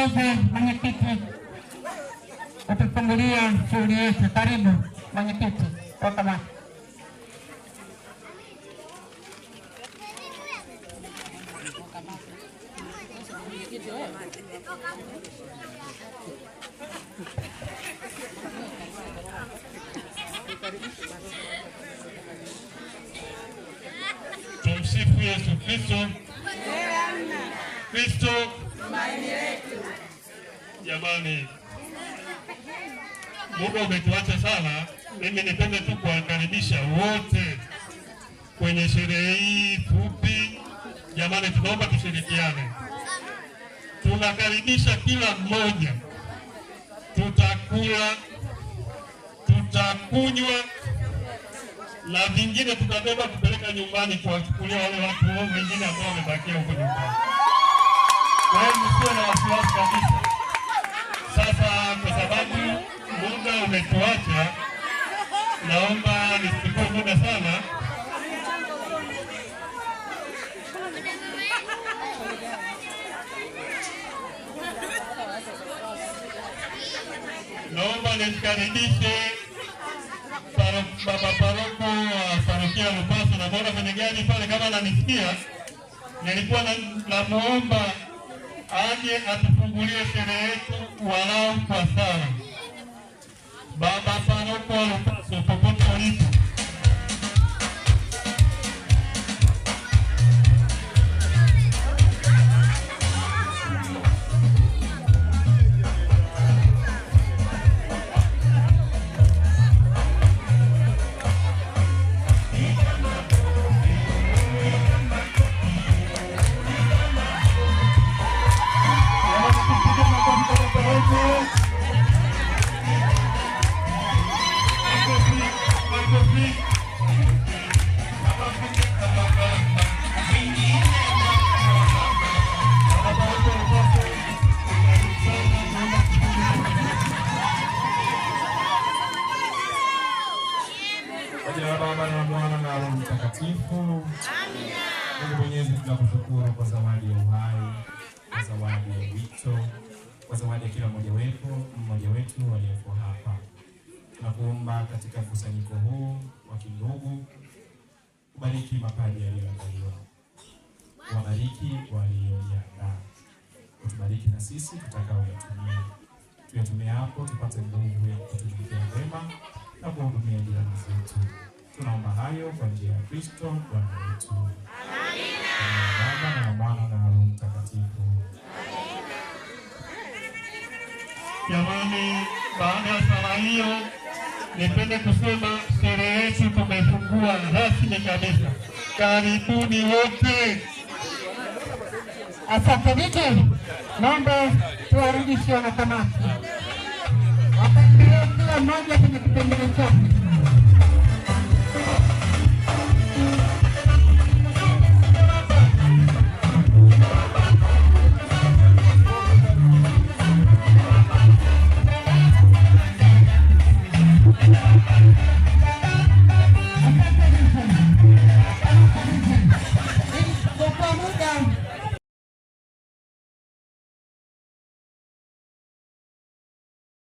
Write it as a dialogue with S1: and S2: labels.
S1: Lezer menyetiti untuk pembelian Sulis Setaribu menyetiti otomatis. Tom Sifri Yesu Kristo Kristo
S2: tumaini letu.
S1: Jamani, Mungu umetuacha sana. Mimi nipende tu kuwakaribisha wote kwenye sherehe hii fupi. Jamani, tunaomba tushirikiane, tunakaribisha kila mmoja, tutakula, tutakunywa na vingine tutabeba kupeleka nyumbani kuwachukulia wale watu wengine ambao wamebakia huko nyumbani. Yaani kwa hiyo na wasiwasi kabisa. Sasa kwa sababu muda umetuacha, naomba nisichukue muda sana naomba nimkaribishe baba paroko wa parokia Lupaso. Namuona kwenye gari pale, kama ananisikia, nilikuwa namuomba na aje atufungulie sherehe yetu walau kwa sala. Kwa jina la Baba na Mwana na Roho Mtakatifu. Amina. Mungu Mwenyezi, tunakushukuru kwa zawadi ya uhai, kwa zawadi ya wito, kwa zawadi ya kila mmoja wetu mmoja wetu waliyeko hapa. Tunakuomba katika mkusanyiko huu wa kindugu, kubariki mapaji yaliyoandaliwa, wabariki waliojiandaa, utubariki na sisi tutakaoyatumia, tuyatumia hapo tupate nguvu ya kutumikia wema na kuwahudumia jirani zetu. Tunaomba hayo kwa njia ya Kristo Bwana wetu. Baba na Mwana na Roho Mtakatifu. Jamani, baada ya sala hiyo, nipende kusema sherehe yetu tumefungua rasmi kabisa. Karibuni wote. Asante vitu naomba tuwarudishe wanakamati. Hasta que